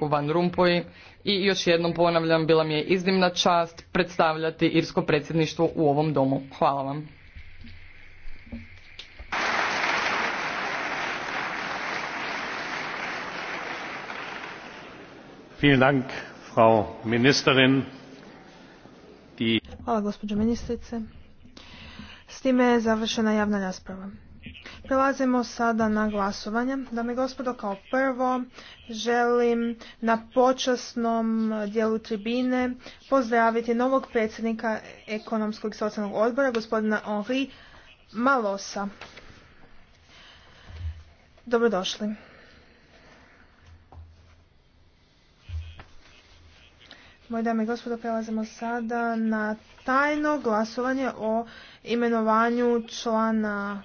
Van Rumpuy i još jednom ponavljam, bila mi je iznimna čast predstavljati irsko predsjedništvo u ovom domu. Hvala vam. Hvala gospođo ministrice. S time je završena javna rasprava. Prelazimo sada na glasovanje. Dame i gospodo, kao prvo želim na počasnom dijelu tribine pozdraviti novog predsjednika ekonomskog i socijalnog odbora, gospodina Henri Malosa. Dobrodošli. Moje dame i gospodo, prelazimo sada na tajno glasovanje o imenovanju člana